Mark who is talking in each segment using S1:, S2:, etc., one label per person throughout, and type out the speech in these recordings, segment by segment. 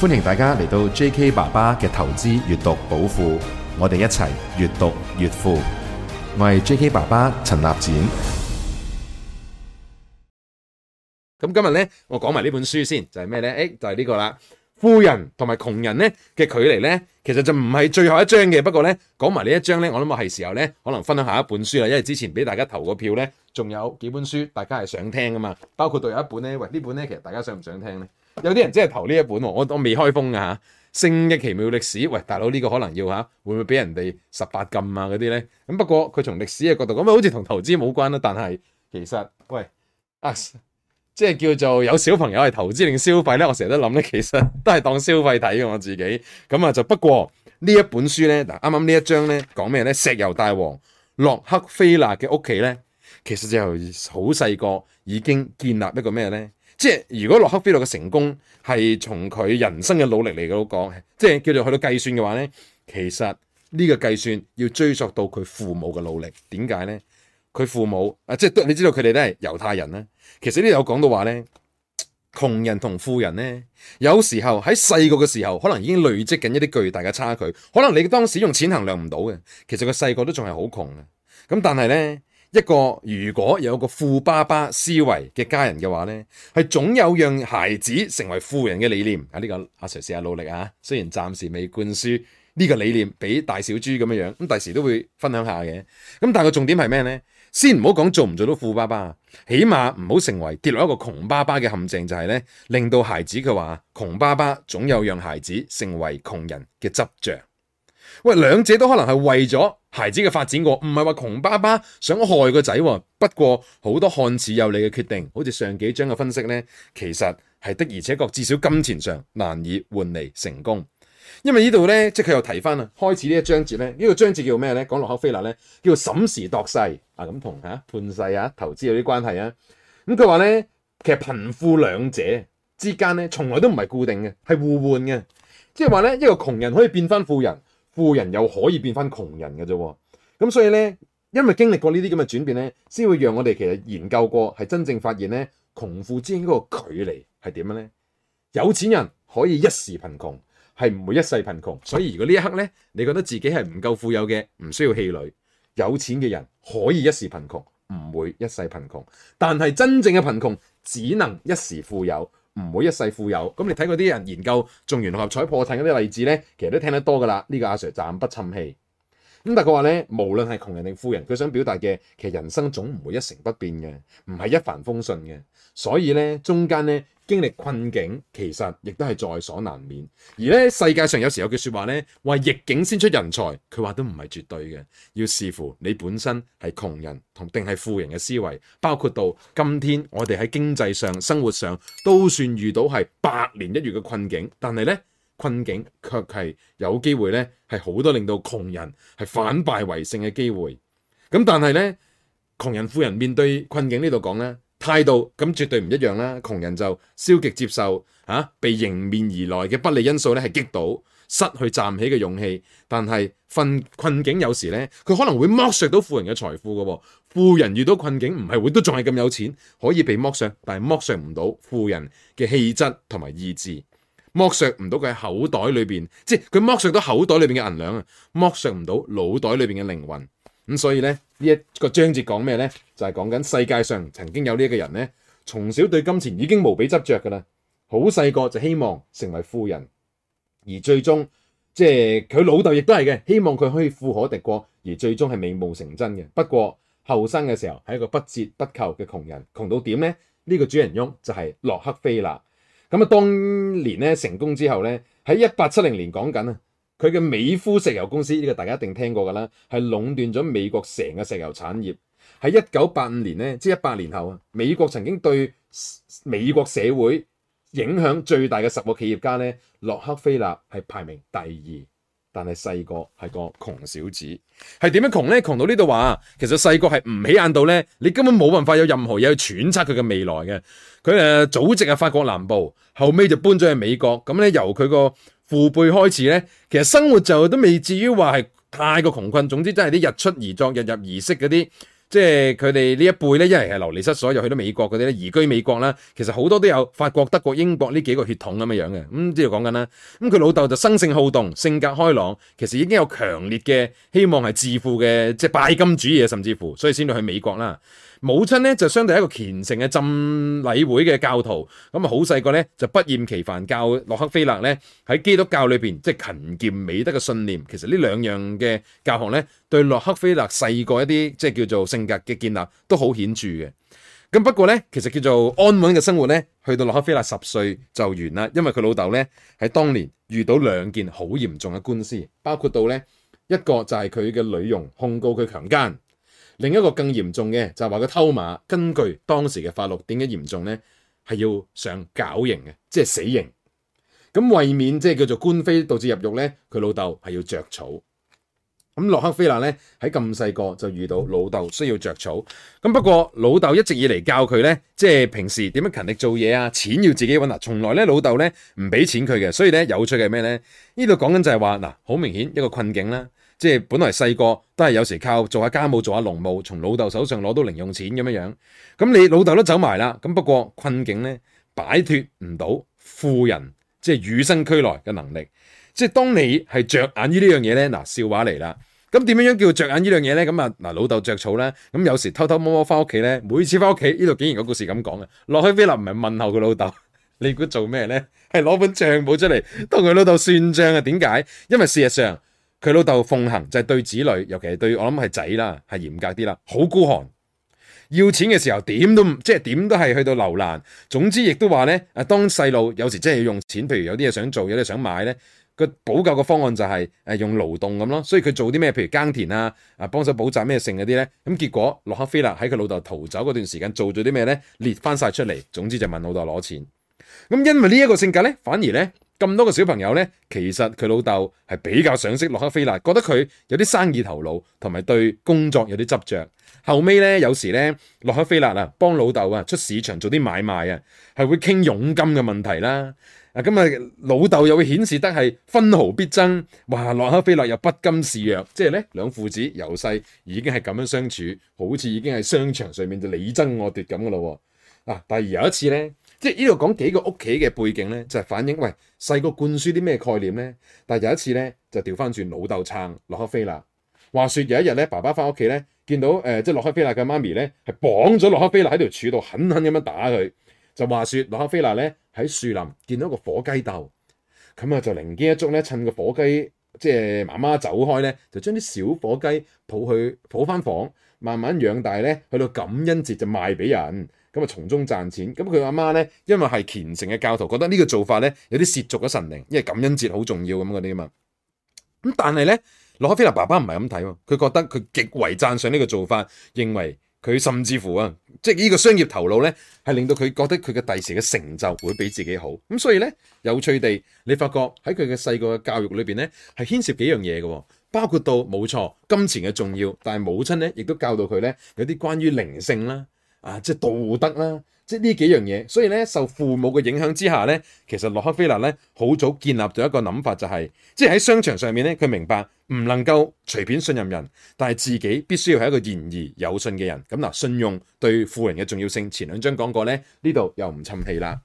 S1: 歡迎大家嚟到 J.K. 爸爸嘅投資閱讀寶庫，我哋一齊越讀越富。我係 J.K. 爸爸陳立展。咁今日呢，我講埋呢本書先，就係咩呢？誒，就係呢個啦。富人同埋窮人呢嘅距離呢，其實就唔係最後一章嘅。不過呢，講埋呢一章呢，我諗我係時候呢，可能分享下一本書啦。因為之前俾大家投個票呢，仲有幾本書大家係想聽噶嘛。包括到有一本呢。喂，呢本呢，其實大家想唔想聽呢？有啲人真係投呢一本喎，我我未開封噶嚇，啊《性的奇妙歷史》。喂，大佬呢、呢個可能要嚇、啊，會唔會俾人哋十八禁啊嗰啲咧？咁不過佢從歷史嘅角度咁啊，好似同投資冇關啦。但係其實，喂，啊、即係叫做有小朋友係投資定消費咧，我成日都諗咧，其實都係當消費睇嘅我自己。咁啊，就不過呢一本書咧，嗱啱啱呢一章咧講咩咧？石油大王洛克菲勒嘅屋企咧，其實就好細個已經建立一個咩咧？即係如果洛克菲勒嘅成功係從佢人生嘅努力嚟到講，即係叫做去到計算嘅話咧，其實呢個計算要追溯到佢父母嘅努力。點解咧？佢父母啊，即係你知道佢哋都係猶太人咧。其實都有講到話咧，窮人同富人咧，有時候喺細個嘅時候，可能已經累積緊一啲巨大嘅差距。可能你當時用錢衡量唔到嘅，其實個細個都仲係好窮嘅。咁但係咧。一個如果有個富爸爸思維嘅家人嘅話呢係，總有讓孩子成為富人嘅理念。啊呢、呢個阿、啊、Sir 試下努力啊，雖然暫時未灌輸呢個理念俾大小豬咁樣樣，咁第時都會分享下嘅。咁但係個重點係咩呢？先唔好講做唔做到富爸爸，起碼唔好成為跌落一個窮爸爸嘅陷阱，就係呢，令到孩子佢話窮爸爸，總有讓孩子成為窮人嘅執着。喂，兩者都可能係為咗孩子嘅發展喎，唔係話窮爸爸想害個仔喎。不過好多看似有利嘅決定，好似上幾章嘅分析呢，其實係的而且確至少金錢上難以換嚟成功。因為呢度呢，即係佢又提翻啦，開始呢一章節呢，呢個章節叫咩呢？講洛克菲勒呢，叫審時度勢啊，咁同吓判勢啊、投資有啲關係啊。咁佢話呢，其實貧富兩者之間呢，從來都唔係固定嘅，係互換嘅。即係話呢，一個窮人可以變翻富人。富人又可以變翻窮人嘅啫喎，咁所以呢，因為經歷過呢啲咁嘅轉變呢，先會讓我哋其實研究過，係真正發現呢窮富之間嗰個距離係點樣呢？有錢人可以一時貧窮，係唔會一世貧窮，所以如果呢一刻呢，你覺得自己係唔夠富有嘅，唔需要氣餒。有錢嘅人可以一時貧窮，唔會一世貧窮，但係真正嘅貧窮只能一時富有。唔會一世富有，咁你睇嗰啲人研究中完六合彩破產嗰啲例子咧，其實都聽得多㗎喇。呢、這個阿 Sir 暫不氹氣。咁但係佢話咧，無論係窮人定富人，佢想表達嘅其實人生總唔會一成不變嘅，唔係一帆風順嘅。所以咧，中間咧經歷困境，其實亦都係在所難免。而咧世界上有時候有句説話咧，話逆境先出人才，佢話都唔係絕對嘅，要視乎你本身係窮人同定係富人嘅思維，包括到今天我哋喺經濟上、生活上都算遇到係百年一遇嘅困境，但係咧，困境卻係有機會咧，係好多令到窮人係反敗為勝嘅機會。咁但係咧，窮人富人面對困境呢度講咧，態度咁絕對唔一樣啦。窮人就消極接受，吓、啊、被迎面而來嘅不利因素咧係擊倒，失去站起嘅勇氣。但係份困境有時咧，佢可能會剝削到富人嘅財富噶、哦。富人遇到困境唔係會都仲係咁有錢，可以被剝削，但係剝削唔到富人嘅氣質同埋意志。剝削唔到佢口袋裏邊，即係佢剝削到口袋裏邊嘅銀兩啊，剝削唔到腦袋裏邊嘅靈魂。咁、嗯、所以咧呢一、這個章節講咩咧？就係、是、講緊世界上曾經有呢一個人咧，從小對金錢已經無比執着噶啦，好細個就希望成為富人，而最終即係佢老豆亦都係嘅，希望佢可以富可敵國，而最終係美夢成真嘅。不過後生嘅時候係一個不折不扣嘅窮人，窮到點咧？呢、這個主人翁就係洛克菲勒。咁當年成功之後咧，喺一八七零年講緊佢嘅美孚石油公司呢，呢個大家一定聽過㗎啦，係壟斷咗美國成個石油產業。喺一九八五年咧，即一百年後啊，美國曾經對美國社會影響最大嘅十個企業家咧，洛克菲勒係排名第二。但係細個係個窮小子，係點樣窮呢？窮到呢度話，其實細個係唔起眼到呢。你根本冇辦法有任何嘢，去揣測佢嘅未來嘅。佢誒，祖籍係法國南部，後尾就搬咗去美國。咁咧，由佢個父輩開始呢，其實生活就都未至於話係太過窮困。總之真係啲日出而作，日入而息嗰啲。即係佢哋呢一輩咧，一係係流離失所，又去到美國嗰啲咧，移居美國啦。其實好多都有法國、德國、英國呢幾個血統咁樣樣嘅。咁即係講緊啦。咁佢老豆就生性好動，性格開朗，其實已經有強烈嘅希望係致富嘅，即係拜金主義啊，甚至乎，所以先到去美國啦。母親咧就相對係一個虔誠嘅浸禮會嘅教徒，咁啊好細個咧就不厭其煩教洛克菲勒咧喺基督教裏邊即係勤儉美德嘅信念。其實呢兩樣嘅教學咧對洛克菲勒細個一啲即係叫做性格嘅建立都好顯著嘅。咁不過咧其實叫做安穩嘅生活咧，去到洛克菲勒十歲就完啦，因為佢老豆咧喺當年遇到兩件好嚴重嘅官司，包括到咧一個就係佢嘅女傭控告佢強姦。另一個更嚴重嘅就係話佢偷馬，根據當時嘅法律，點解嚴重咧？係要上絞刑嘅，即係死刑。咁為免即係叫做官非導致入獄咧，佢老豆係要着草。咁洛克菲勒咧喺咁細個就遇到老豆需要着草。咁不過老豆一直以嚟教佢咧，即係平時點樣勤力做嘢啊，錢要自己搵啊，從來咧老豆咧唔俾錢佢嘅。所以咧有趣嘅係咩咧？呢度講緊就係話嗱，好明顯一個困境啦、啊。即係本來細個都係有時靠做下家務、做下農務，從老豆手上攞到零用錢咁樣樣。咁你老豆都走埋啦。咁不過困境咧，擺脱唔到富人，即係與生俱來嘅能力。即係當你係着眼於呢樣嘢咧，嗱，笑話嚟啦。咁點樣樣叫着眼於呢樣嘢咧？咁啊，嗱，老豆着草啦。咁有時偷偷摸摸翻屋企咧，每次翻屋企呢度竟然有個故事咁講嘅，落去菲林唔係問候佢老豆，你估做咩咧？係攞本帳簿出嚟同佢老豆算賬啊。點解？因為事實上。佢老豆奉行就係對子女，尤其係對我諗係仔啦，係嚴格啲啦，好孤寒。要錢嘅時候點都，即係點都係去到流難。總之亦都話咧，誒當細路有時真係要用錢，譬如有啲嘢想做，有啲想買咧，個補救嘅方案就係誒用勞動咁咯。所以佢做啲咩，譬如耕田啊，啊幫手補習咩性嗰啲咧，咁結果洛克菲勒喺佢老豆逃走嗰段時間做咗啲咩咧，列翻晒出嚟。總之就問老豆攞錢。咁因為呢一個性格咧，反而咧。咁多個小朋友呢，其實佢老豆係比較賞識洛克菲勒，覺得佢有啲生意頭腦，同埋對工作有啲執着。後尾呢，有時呢，洛克菲勒啊，幫老豆啊出市場做啲買賣啊，係會傾佣金嘅問題啦。啊，咁啊，老豆又會顯示得係分毫必爭，哇！洛克菲勒又不甘示弱，即係呢兩父子由細已經係咁樣相處，好似已經係商場上面就你爭我奪咁嘅咯喎。但係有一次呢。即係呢度講幾個屋企嘅背景咧，就係、是、反映喂細個灌輸啲咩概念咧。但係有一次咧，就調翻轉老豆撐洛克菲勒。話説有一日咧，爸爸翻屋企咧，見到誒、呃、即係洛克菲勒嘅媽咪咧，係綁咗洛克菲勒喺條柱度，狠狠咁樣打佢。就話説洛克菲勒咧喺樹林見到個火雞竇，咁啊就靈機一觸咧，趁個火雞即係媽媽走開咧，就將啲小火雞抱去抱翻房，慢慢養大咧，去到感恩節就賣俾人。咁啊，從中賺錢。咁佢阿媽咧，因為係虔誠嘅教徒，覺得呢個做法咧，有啲涉足咗神靈，因為感恩節好重要咁嗰啲啊嘛。咁但係咧，洛克菲勒爸爸唔係咁睇喎，佢覺得佢極為讚賞呢個做法，認為佢甚至乎啊，即係呢個商業頭腦咧，係令到佢覺得佢嘅第時嘅成就會比自己好。咁所以咧，有趣地，你發覺喺佢嘅細個嘅教育裏邊咧，係牽涉幾樣嘢嘅、哦，包括到冇錯金錢嘅重要，但係母親咧亦都教導佢咧有啲關於靈性啦。啊，即係道德啦，即係呢幾樣嘢，所以咧受父母嘅影響之下咧，其實洛克菲勒咧好早建立咗一個諗法，就是，就係即係喺商場上面咧，佢明白唔能夠隨便信任人，但係自己必須要係一個言而有信嘅人。咁、啊、嗱，信用對富人嘅重要性，前兩章講過咧，呢度又唔襯氣啦。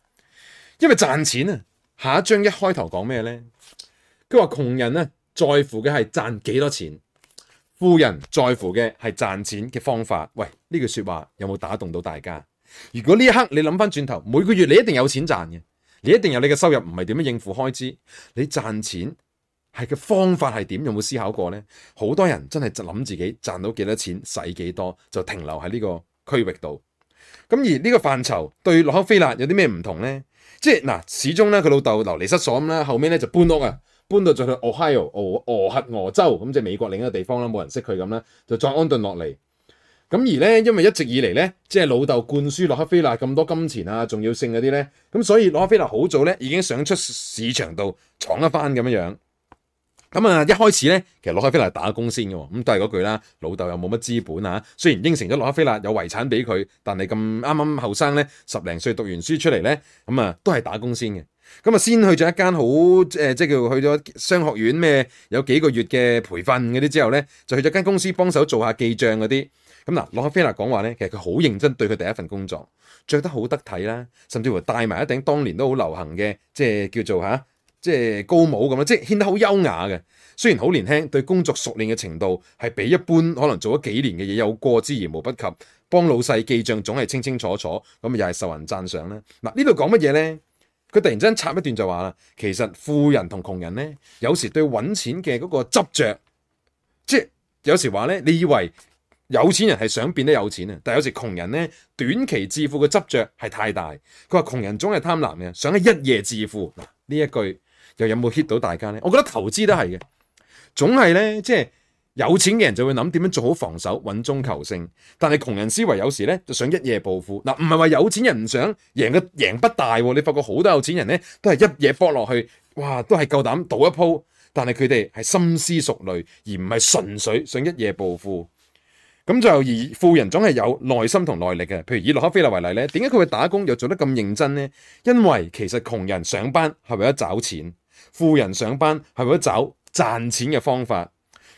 S1: 因為賺錢啊，下一章一開頭講咩咧？佢話窮人啊在乎嘅係賺幾多錢，富人在乎嘅係賺錢嘅方法。喂！呢句説話有冇打動到大家？如果呢一刻你諗翻轉頭，每個月你一定有錢賺嘅，你一定有你嘅收入，唔係點樣應付開支？你賺錢係嘅方法係點？有冇思考過呢？好多人真係就諗自己賺到幾多錢，使幾多就停留喺呢個區域度。咁而呢個範疇對洛克菲勒有啲咩唔同呢？即係嗱，始終咧佢老豆流離失所咁啦，後尾咧就搬屋啊，搬到咗去到、Ohio，俄亥俄俄俄亥俄州，咁即係美國另一個地方啦，冇人識佢咁啦，就再安頓落嚟。咁而咧，因為一直以嚟咧，即係老豆灌輸洛克菲勒咁多金錢啊、重要性嗰啲咧，咁所以洛克菲勒好早咧已經想出市場度闖一番咁樣樣。咁、嗯、啊，一開始咧，其實洛克菲勒打工先嘅，咁、嗯、都係嗰句啦。老豆又冇乜資本啊，雖然應承咗洛克菲勒有遺產俾佢，但係咁啱啱後生咧，十零歲讀完書出嚟咧，咁、嗯、啊都係打工先嘅。咁、嗯、啊，先去咗一間好誒、呃，即係叫去咗商學院咩？有幾個月嘅培訓嗰啲之後咧，就去咗間公司幫手做下記帳嗰啲。咁嗱，洛克菲勒講話咧，其實佢好認真對佢第一份工作，着得好得體啦，甚至乎戴埋一頂當年都好流行嘅，即係叫做嚇、啊，即係高帽咁樣，即係顯得好優雅嘅。雖然好年輕，對工作熟練嘅程度係比一般可能做咗幾年嘅嘢有過之而無不及。幫老細記帳總係清清楚楚，咁又係受人讚賞啦。嗱、啊，呢度講乜嘢咧？佢突然間插一段就話啦，其實富人同窮人咧，有時對揾錢嘅嗰個執著，即係有時話咧，你以為？有錢人係想變得有錢啊，但有時窮人咧，短期致富嘅執着係太大。佢話窮人總係貪婪嘅，想係一夜致富。嗱，呢一句又有冇 hit 到大家咧？我覺得投資都係嘅，總係咧，即係有錢嘅人就會諗點樣做好防守、穩中求勝。但係窮人思維有時咧就想一夜暴富。嗱，唔係話有錢人唔想贏嘅贏不大，你發覺好多有錢人咧都係一夜搏落去，哇都係夠膽賭一鋪，但係佢哋係深思熟慮而唔係純粹想一夜暴富。咁就而富人總係有耐心同耐力嘅，譬如以洛克菲勒為例咧，點解佢會打工又做得咁認真咧？因為其實窮人上班係為咗找錢，富人上班係為咗找賺錢嘅方法，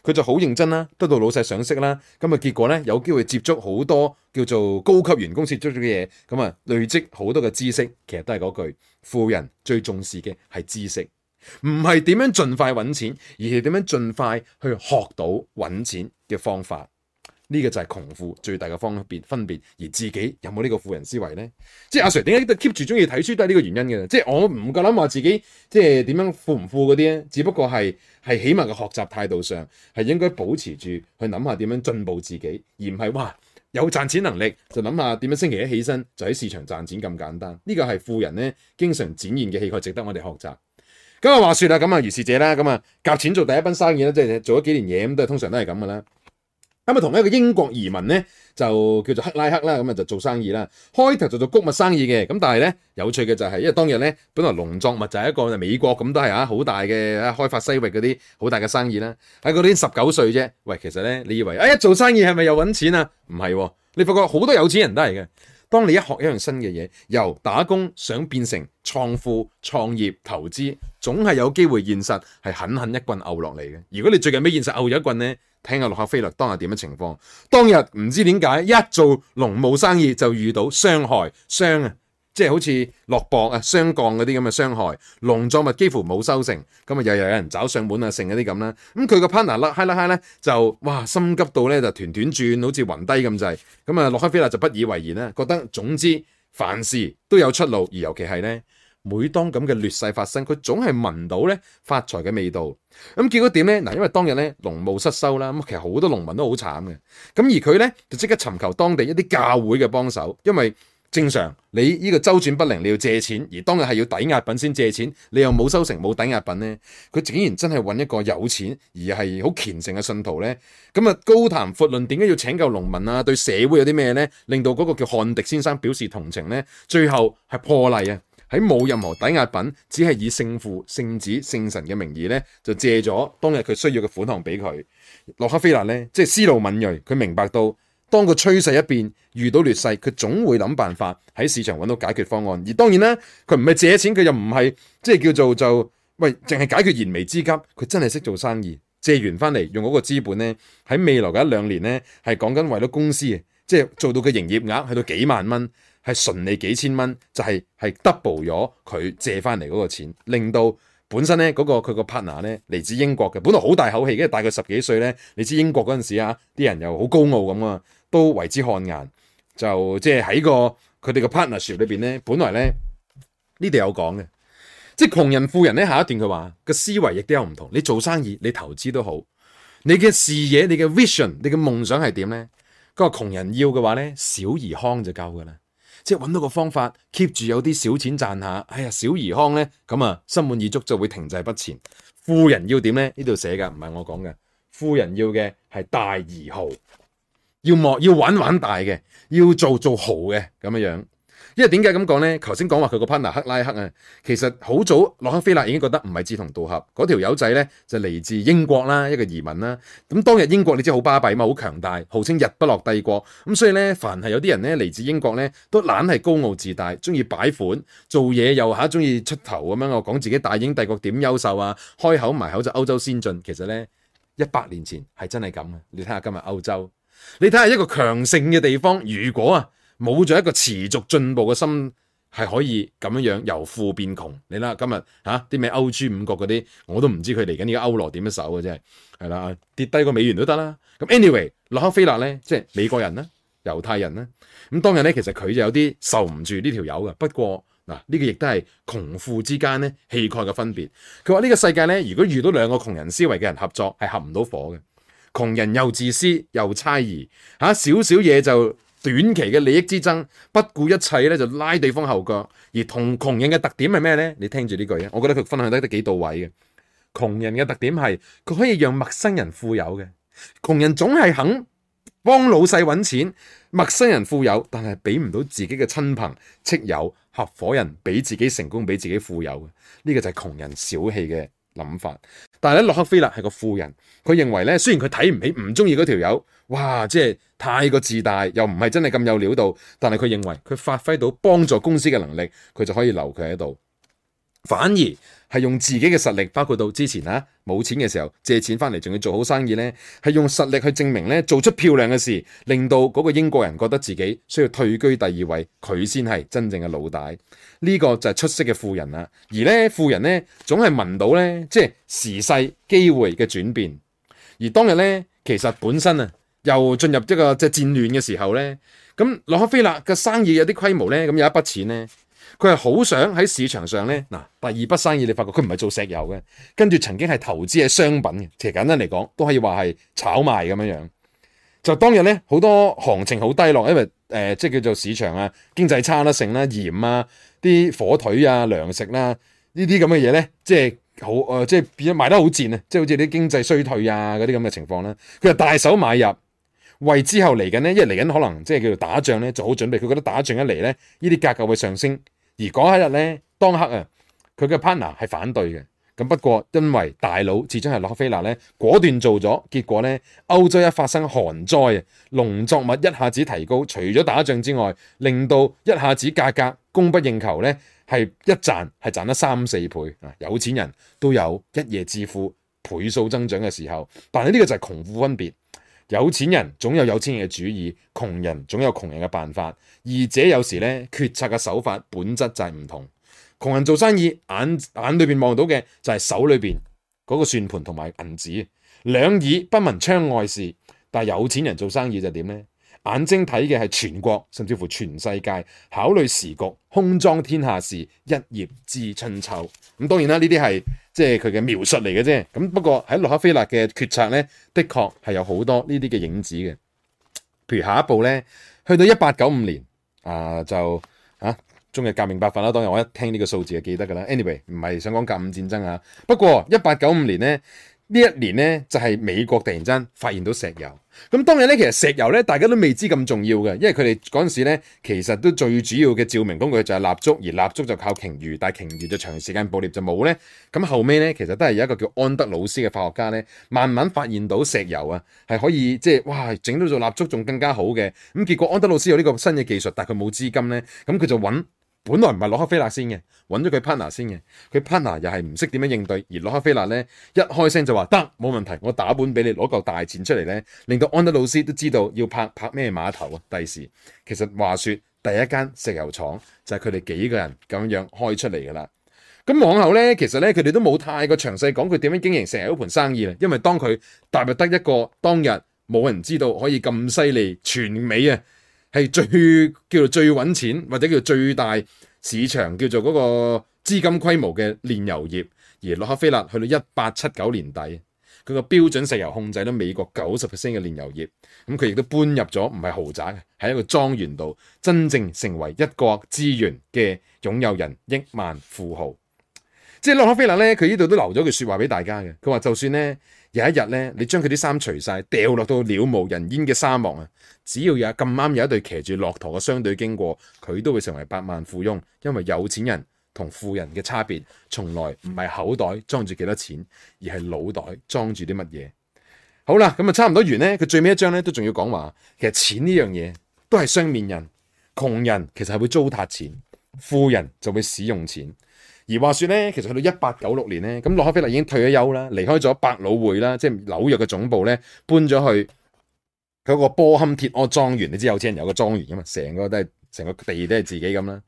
S1: 佢就好認真啦，得到老細賞識啦，咁啊結果咧有機會接觸好多叫做高級員工接觸咗嘅嘢，咁啊累積好多嘅知識，其實都係嗰句，富人最重視嘅係知識，唔係點樣盡快搵錢，而係點樣盡快去學到搵錢嘅方法。呢個就係窮富最大嘅方別分別，而自己有冇呢個富人思維呢？即係阿 Sir 點解都 keep 住鍾意睇書都係呢個原因嘅。即係我唔夠諗話自己即係點樣富唔富嗰啲咧，只不過係係起碼嘅學習態度上係應該保持住去諗下點樣進步自己，而唔係哇有賺錢能力就諗下點樣星期一起身就喺市場賺錢咁簡單。呢個係富人咧經常展現嘅氣概，值得我哋學習。咁啊話説啦，咁啊如是者啦，咁啊夾錢做第一筆生意咧，即係做咗幾年嘢咁，都係通常都係咁噶啦。咁啊，同一個英國移民咧，就叫做克拉克啦，咁啊就做生意啦。開頭就做谷物生意嘅，咁但係咧有趣嘅就係，因為當日咧本來農作物就係一個美國咁都係啊，好大嘅啊，開發西域嗰啲好大嘅生意啦。喺嗰年十九歲啫，喂，其實咧你以為，哎呀，做生意係咪又搵錢啊？唔係、啊，你發覺好多有錢人都係嘅。當你一學一樣新嘅嘢，由打工想變成創富、創業、投資，總係有機會現實係狠狠一棍毆落嚟嘅。如果你最近俾現實毆咗一棍咧。聽下洛克菲勒當日點樣情況？當日唔知點解一做農務生意就遇到傷害傷啊，即係好似落雹啊、霜降嗰啲咁嘅傷害，農作物幾乎冇收成，咁啊又又有人找上門啊，剩嗰啲咁啦。咁、嗯、佢個 partner 拉 high 拉 high 咧，就哇心急到咧就團團轉，好似暈低咁滯。咁、嗯、啊洛克菲勒就不以為然啦，覺得總之凡事都有出路，而尤其係咧。每當咁嘅劣勢發生，佢總係聞到咧發財嘅味道。咁、嗯、結果點咧？嗱，因為當日咧農務失收啦，咁其實好多農民都好慘嘅。咁而佢咧就即刻尋求當地一啲教會嘅幫手，因為正常你呢個周轉不靈，你要借錢，而當日係要抵押品先借錢，你又冇收成冇抵押品咧，佢竟然真係搵一個有錢而係好虔誠嘅信徒咧，咁、嗯、啊高談闊論點解要拯救農民啊？對社會有啲咩咧？令到嗰個叫漢迪先生表示同情咧，最後係破例啊！喺冇任何抵押品，只係以聖父、聖子、聖神嘅名義咧，就借咗當日佢需要嘅款項俾佢。洛克菲勒咧，即係思路敏鋭，佢明白到當個趨勢一變，遇到劣勢，佢總會諗辦法喺市場揾到解決方案。而當然啦，佢唔係借錢，佢又唔係即係叫做就喂，淨係解決燃眉之急。佢真係識做生意，借完翻嚟用嗰個資本咧，喺未來嘅一兩年咧，係講緊為咗公司即係做到嘅營業額去到幾萬蚊，係純利幾千蚊，就係、係、係 double 咗佢借翻嚟嗰個錢，令到本身咧嗰、嗰個佢個 partner 咧嚟自英國嘅，本來好大口氣，跟住大概十幾歲咧。你知英國嗰陣時啊，啲人又好高傲咁啊，都為之汗顏。就即係喺個佢哋嘅 partnership 裏邊咧，本來咧呢度有講嘅，即係窮人富人咧下一段佢話嘅思維亦都有唔同。你做生意，你投資都好，你嘅視野、你嘅 vision 你、你嘅夢想係點咧？嗰個窮人要嘅話咧，小而康就夠嘅啦，即係揾到個方法 keep 住有啲小錢賺下，哎呀，小而康咧，咁啊心滿意足就會停滯不前。富人要點咧？呢度寫噶，唔係我講嘅。富人要嘅係大而豪，要莫要玩玩大嘅，要做做豪嘅咁樣樣。因為點解咁講呢？頭先講話佢個 partner 克拉克啊，其實好早洛克菲勒已經覺得唔係志同道合。嗰條友仔呢，就嚟自英國啦，一個移民啦。咁當日英國你知好巴閉嘛，好強大，號稱日不落帝國。咁所以呢，凡係有啲人呢，嚟自英國呢，都懶係高傲自大，中意擺款，做嘢又吓中意出頭咁樣。我講自己大英帝國點優秀啊，開口埋口就歐洲先進。其實呢，一百年前係真係咁嘅。你睇下今日歐洲，你睇下一個強盛嘅地方，如果啊。冇咗一個持續進步嘅心，係可以咁樣由富變窮。你啦，今日嚇啲咩歐豬五國嗰啲，我都唔知佢嚟緊依家歐羅點樣守嘅啫？係，係啦跌低個美元都得啦、啊。咁 anyway，洛克菲勒咧即係美國人啦、啊，猶太人啦、啊。咁當日咧，其實佢就有啲受唔住呢條友嘅。不過嗱，呢、啊這個亦都係窮富之間咧氣概嘅分別。佢話呢個世界咧，如果遇到兩個窮人思維嘅人合作，係合唔到火嘅。窮人又自私又猜疑嚇，少少嘢就。短期嘅利益之爭，不顧一切咧就拉對方後腳。而同窮人嘅特點係咩呢？你聽住呢句啊，我覺得佢分享得都幾到位嘅。窮人嘅特點係佢可以讓陌生人富有嘅。窮人總係肯幫老細揾錢，陌生人富有，但係俾唔到自己嘅親朋戚友、合夥人俾自己成功、俾自己富有。嘅。呢個就係窮人小氣嘅諗法。但係呢，洛克菲勒係個富人，佢認為呢，雖然佢睇唔起、唔鍾意嗰條友，哇，即係太過自大，又唔係真係咁有料到，但係佢認為佢發揮到幫助公司嘅能力，佢就可以留佢喺度。反而係用自己嘅實力，包括到之前啊冇錢嘅時候借錢翻嚟，仲要做好生意呢，係用實力去證明咧，做出漂亮嘅事，令到嗰個英國人覺得自己需要退居第二位，佢先係真正嘅老大。呢個就係出色嘅富人啦。而呢富人呢，總係聞到呢，即係時勢機會嘅轉變。而當日呢，其實本身啊，又進入一個即係、就是、戰亂嘅時候呢，咁洛克菲勒嘅生意有啲規模呢，咁有一筆錢呢。佢係好想喺市場上咧，嗱第二筆生意，你發覺佢唔係做石油嘅，跟住曾經係投資喺商品嘅，其實簡單嚟講都可以話係炒賣咁樣樣。就當日咧好多行情好低落，因為誒、呃、即係叫做市場啊經濟差啦，剩啦、鹽啊、啲火腿啊、糧食啦呢啲咁嘅嘢咧，即係好誒即係變咗賣得好賤啊！即係好似啲經濟衰退啊嗰啲咁嘅情況啦，佢就大手買入，為之後嚟緊咧，因為嚟緊可能即係叫做打仗咧做好準備，佢覺得打仗一嚟咧呢啲價格會上升。而嗰一日咧，當刻啊，佢嘅 partner 係反對嘅，咁不過因為大佬始終係洛克菲勒咧，果斷做咗，結果咧歐洲一發生旱災，農作物一下子提高，除咗打仗之外，令到一下子價格供不應求咧，係一賺係賺得三四倍。有錢人都有一夜致富倍數增長嘅時候，但係呢個就係窮富分別。有錢人總有有錢人嘅主意，窮人總有窮人嘅辦法，二者，有時咧決策嘅手法本質就係唔同。窮人做生意眼眼裏邊望到嘅就係手裏邊嗰個算盤同埋銀紙，兩耳不聞窗外事。但係有錢人做生意就點呢？眼睛睇嘅係全國甚至乎全世界，考慮時局，胸裝天下事，一葉知春秋。咁當然啦，呢啲係。即係佢嘅描述嚟嘅啫，咁不過喺洛克菲勒嘅決策咧，的確係有好多呢啲嘅影子嘅，譬如下一步咧，去到一八九五年啊，就嚇、啊、中日革命爆發啦。當然我一聽呢個數字就記得㗎啦。anyway 唔係想講甲午戰爭啊，不過一八九五年咧。呢一年咧就係、是、美國突然間發現到石油，咁當然咧其實石油咧大家都未知咁重要嘅，因為佢哋嗰陣時咧其實都最主要嘅照明工具就係蠟燭，而蠟燭就靠鯨魚，但係鯨魚就長時間捕獵就冇咧，咁後尾咧其實都係有一個叫安德魯斯嘅化學家咧，慢慢發現到石油啊，係可以即係、就是、哇整到做蠟燭仲更加好嘅，咁結果安德魯斯有呢個新嘅技術，但係佢冇資金咧，咁佢就揾。本來唔係洛克菲勒先嘅，揾咗佢 partner 先嘅，佢 partner 又係唔識點樣應對，而洛克菲勒呢，一開聲就話得，冇問題，我打本俾你攞嚿大錢出嚟呢，令到安德魯斯都知道要拍拍咩碼頭啊！第時其實話説第一間石油廠就係佢哋幾個人咁樣開出嚟㗎啦。咁往後呢，其實呢，佢哋都冇太過詳細講佢點樣經營成嗰盤生意啦，因為當佢踏入得一個當日冇人知道可以咁犀利全美啊！係最叫做最揾錢或者叫做最大市場叫做嗰個資金規模嘅煉油業，而洛克菲勒去到一八七九年底，佢個標準石油控制咗美國九十 percent 嘅煉油業，咁佢亦都搬入咗唔係豪宅，喺一個莊園度，真正成為一國資源嘅擁有人億萬富豪。即係洛克菲勒呢，佢呢度都留咗句説話俾大家嘅，佢話就算呢。有一日咧，你將佢啲衫除晒，掉落到鳥無人煙嘅沙漠啊！只要有咁啱有一對騎住駱駝嘅商隊經過，佢都會成為百萬富翁。因為有錢人同富人嘅差別，從來唔係口袋裝住幾多錢，而係腦袋裝住啲乜嘢。好啦，咁啊差唔多完咧。佢最尾一張咧都仲要講話，其實錢呢樣嘢都係雙面人。窮人其實係會糟蹋錢，富人就會使用錢。而話説咧，其實去到一八九六年咧，咁洛克菲勒已經退咗休啦，離開咗百老匯啦，即係紐約嘅總部咧，搬咗去佢嗰個波堪鐵柯莊園。你知有錢人有個莊園㗎嘛？成個都係，成個地都係自己咁啦。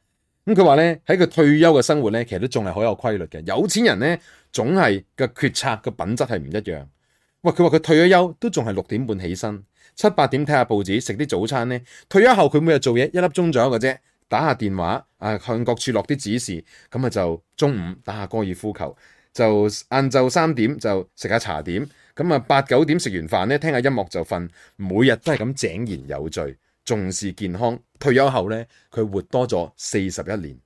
S1: 咁佢話咧，喺佢退休嘅生活咧，其實都仲係好有規律嘅。有錢人咧，總係個決策、個品質係唔一樣。喂，佢話佢退咗休都仲係六點半起身，七八點睇下報紙，食啲早餐咧。退咗後佢每日做嘢一粒鐘左右嘅啫。打下電話，啊向各處落啲指示，咁啊就中午打下高爾夫球，就晏晝三點就食下茶點，咁啊八九點食完飯咧聽下音樂就瞓，每日都係咁井然有序，重視健康。退休後咧，佢活多咗四十一年。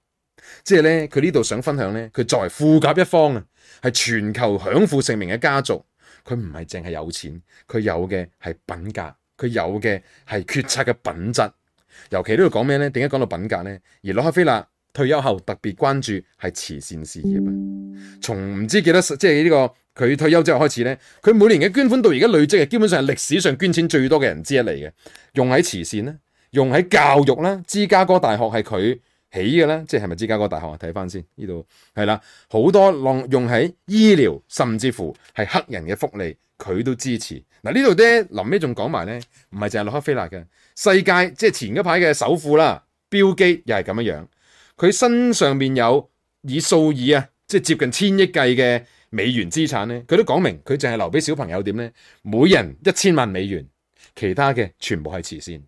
S1: 即係咧，佢呢度想分享咧，佢作為富甲一方啊，係全球享負盛名嘅家族，佢唔係淨係有錢，佢有嘅係品格，佢有嘅係決策嘅品質。尤其呢度講咩咧？點解講到品格咧？而洛克菲勒退休後特別關注係慈善事業啊，從唔知幾多即係呢個佢退休之後開始咧，佢每年嘅捐款到而家累積係基本上係歷史上捐錢最多嘅人之一嚟嘅，用喺慈善啦，用喺教育啦，芝加哥大學係佢起嘅啦，即係係咪芝加哥大學啊？睇翻，先呢度係啦，好多用喺醫療，甚至乎係黑人嘅福利。佢都支持嗱，呢度咧臨尾仲講埋咧，唔係淨係洛克菲勒嘅世界，即係前一排嘅首富啦，Bill Gates 又係咁樣樣，佢身上邊有以數以啊，即係接近千億計嘅美元資產咧，佢都講明佢淨係留俾小朋友點咧，每人一千萬美元，其他嘅全部係慈善。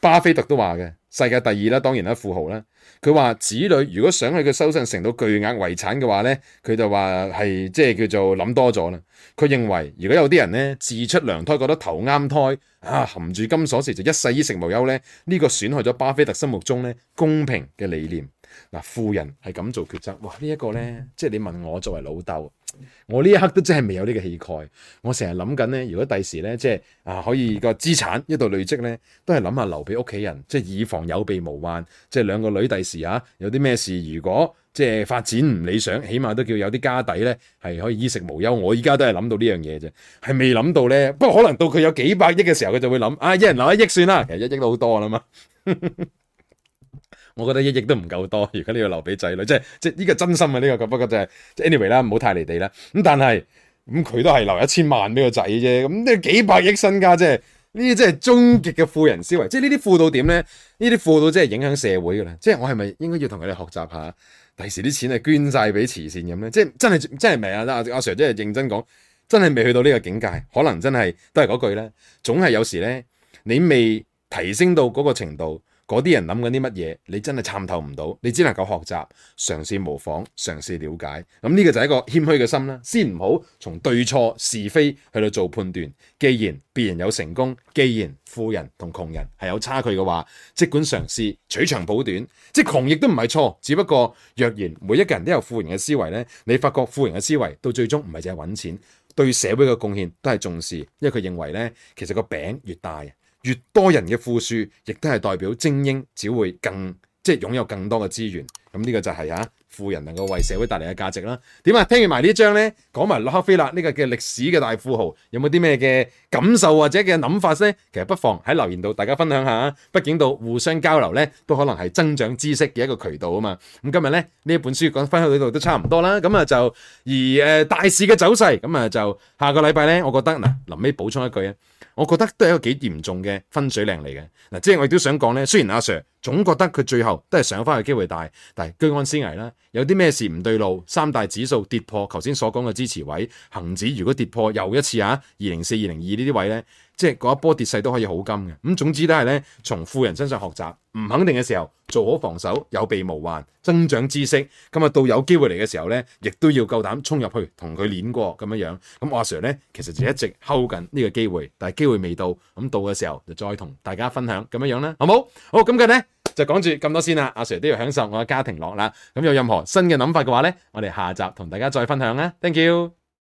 S1: 巴菲特都話嘅，世界第二啦，當然啦，富豪啦。佢話子女如果想喺佢手上成到巨額遺產嘅話咧，佢就話係即係叫做諗多咗啦。佢認為如果有啲人咧，自出娘胎，胎，覺得投啱胎啊，含住金鎖匙就一世衣食無憂咧，呢、這個損害咗巴菲特心目中咧公平嘅理念。嗱，富人係咁做決策，哇！這個、呢一個咧，即係你問我作為老豆，我呢一刻都真係未有呢個氣概，我成日諗緊咧，如果第時咧，即係啊可以個資產一度累積咧，都係諗下留俾屋企人，即係以防有備無患，即係兩個女第時啊，有啲咩事，如果即係發展唔理想，起碼都叫有啲家底咧，係可以衣食無憂。我依家都係諗到呢樣嘢啫，係未諗到咧。不過可能到佢有幾百億嘅時候，佢就會諗，啊一人留一億算啦，其實一億都好多啦嘛。 我覺得一億都唔夠多，如果你要留俾仔女，即係即係呢、這個真心嘅呢、這個，不過就係、是、即 anyway 啦，唔好太離地啦。咁但係咁佢都係留一千萬呢個仔啫，咁即係幾百億身家，即係呢啲即係終極嘅富人思維，即係呢啲富到點咧？呢啲富到即係影響社會嘅啦。即係我係咪應該要同佢哋學習下？第時啲錢係捐晒俾慈善咁咧？即係真係真係未啊！阿阿 Sir 真係認真講，真係未去到呢個境界，可能真係都係嗰句咧，總係有時咧，你未提升到嗰個程度。嗰啲人諗緊啲乜嘢？你真係參透唔到，你只能夠學習、嘗試模仿、嘗試了解。咁呢個就係一個謙虛嘅心啦。先唔好從對錯是非去到做判斷。既然別人有成功，既然富人同窮人係有差距嘅話，即管嘗試取長補短，即係窮亦都唔係錯。只不過若然每一個人都有富人嘅思維呢，你發覺富人嘅思維到最終唔係淨係揾錢，對社會嘅貢獻都係重視，因為佢認為呢，其實個餅越大。越多人嘅富庶，亦都係代表精英只會更即係擁有更多嘅資源。咁、嗯、呢、這個就係、是、啊。富人能夠為社會帶嚟嘅價值啦，點啊？聽完埋呢章咧，講埋洛克菲勒呢、呢個嘅歷史嘅大富豪，有冇啲咩嘅感受或者嘅諗法咧？其實不妨喺留言度大家分享下，畢竟到互相交流咧，都可能係增長知識嘅一個渠道啊嘛。咁今日咧呢一本書講翻喺度都差唔多啦，咁啊就而誒、呃、大市嘅走勢，咁啊就下個禮拜咧，我覺得嗱臨尾補充一句啊，我覺得都係一個幾嚴重嘅分水嶺嚟嘅嗱，即係我亦都想講咧，雖然阿 Sir。總覺得佢最後都係上翻嘅機會大，但係居安思危啦。有啲咩事唔對路，三大指數跌破頭先所講嘅支持位，恒指如果跌破又一次啊，二零四二零二呢啲位呢。即係嗰一波跌勢都可以好金嘅，咁總之都係咧，從富人身上學習。唔肯定嘅時候，做好防守，有備無患，增長知識。咁啊，到有機會嚟嘅時候咧，亦都要夠膽衝入去，同佢練過咁樣樣。咁阿、啊、Sir 咧，其實就一直睺緊呢個機會，但係機會未到，咁到嘅時候就再同大家分享咁樣樣啦，好冇？好，咁今日咧就講住咁多先啦。阿、啊、Sir 都要享受我嘅家庭樂啦。咁有任何新嘅諗法嘅話咧，我哋下集同大家再分享啦。Thank you。